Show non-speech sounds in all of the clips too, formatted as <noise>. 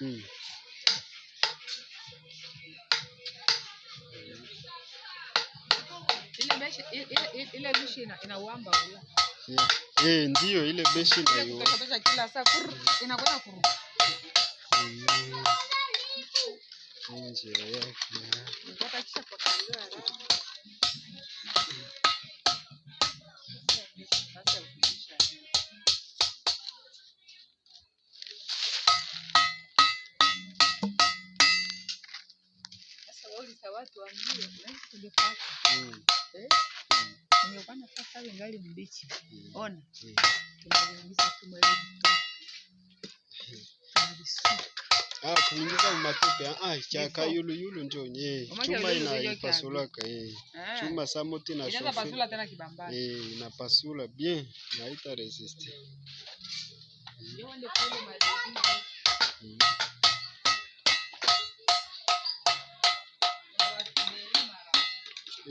Mm. Ile beshi ile Eh, ndio ile beshi kila saa inakwenda Mm. Nje yake. hata watu wamjue tungepata mm. mm. eh? Mm. Ningepanda sasa hivi ngali mbichi. Mm. Ona. Tunaingiza tumwe ah, kuingiza matope. Ah, chaka yulu yulu ndio nye. Chuma inaipasula eh. Ah. Chuma samoti na shofu. Eh, inapasula bien, na ita resist.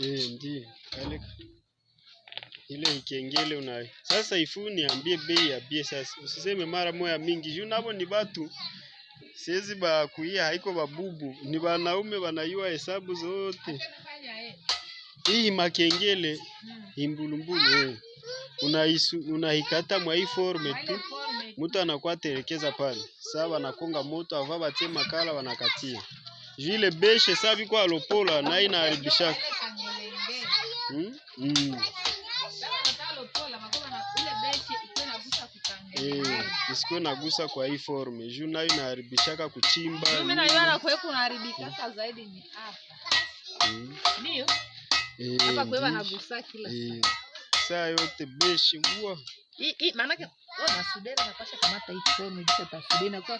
Eh, ndiyo. Kale yaani, ile ikengele una sasa ifu niambie bei ya bie sasa. Usiseme mara moya mingi. Juu nabo ni batu. Siwezi ba kuia haiko babubu. Ni banaume banayua hesabu zote. Hii makengele imbulumbulu eh. Unaisu unaikata mwa hii forme tu. Mtu anakuwa telekeza pale. Sasa wanakonga moto avaa batie makala wanakatia. Juu beshe sasa viko alopola na inaharibishaka. Mm. Hmm. Eh, isikuwe nagusa kwa hii forme juu nayo inaharibishaka kuchimba. Hmm. na zaidi ni hapa. Hmm. Eh, hapa kila eh, saa. yote beshi huwa. Hii hii kamata hii forme kwa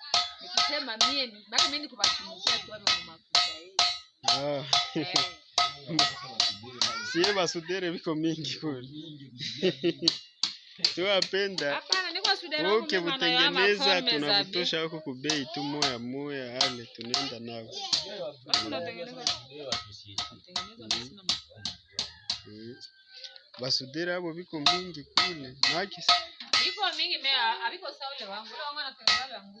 nikisema mimi bado mimi nikupatumukia tu ama ah. <laughs> mafuta hii eh. sie basudere biko mingi kweli tuwapenda uke butengeneza tunakutosha huko kubei tu moya moya, ale tunaenda nawe Basudere abo biko mingi kule nakisi biko mingi mea abiko saule wangu wangu anatengeneza wangu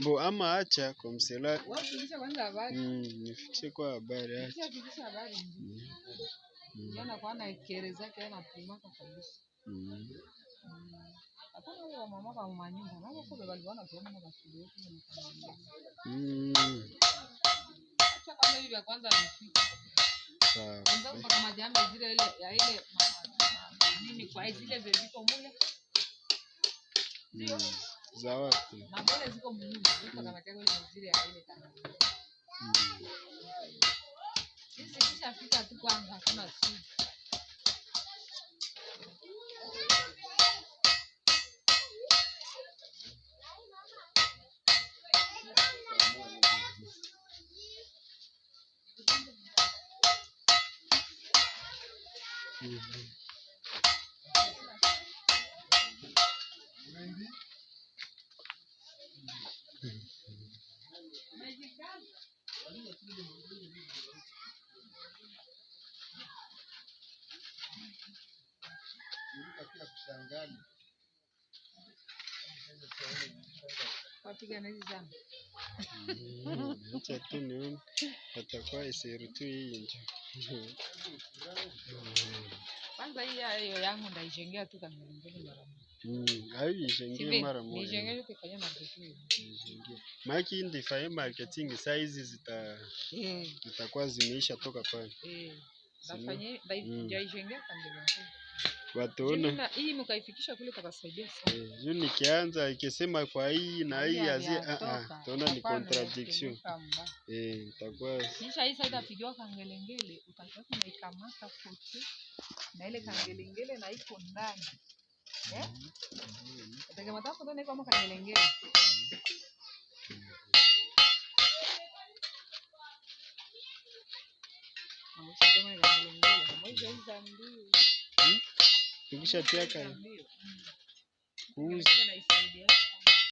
Mbo ama acha kumsela. Mm, nifikishe kwa habari acha. Mm, mm. Yana yaani kwa na kere zake yaani kabisa. Mm. mm. mama kwa manyumba na kwa bali kwa mama Mm. Acha hivi kwanza Sawa. zile ile ya ile kwa zile mule. Ndio. za watu. Mambele ziko muhimu, ziko na mm. matango zile ya Mm-hmm. Acha mm, nione atakuwa Iseru tu hii nje. Kwanza hii hiyo yangu ndaijengea tu kama mbele mara moja. Hayo mm, ijengee mara moja. Nijengee tu kwenye marketing. Nijengee. Maki ndi fanye marketing saa zita eh. zitakuwa zimeisha toka pale. Eh. Bafanye ndaijengea mm. kama watuone hii mkaifikisha kule pakasaidia sana. Eh, nikianza ikisema kwa hii na hii azi ah ah, tunaona ni contradiction. Eh, itakuwa kisha hii sasa itapigiwa kangelengele, utakuwa unaikamata kote na ile kangelengele na iko ndani. Eh? Utakamata kote na iko kangelengele. Mwisho kama kangelengele, mwisho zambi. Ukishatia hmm? kuuzi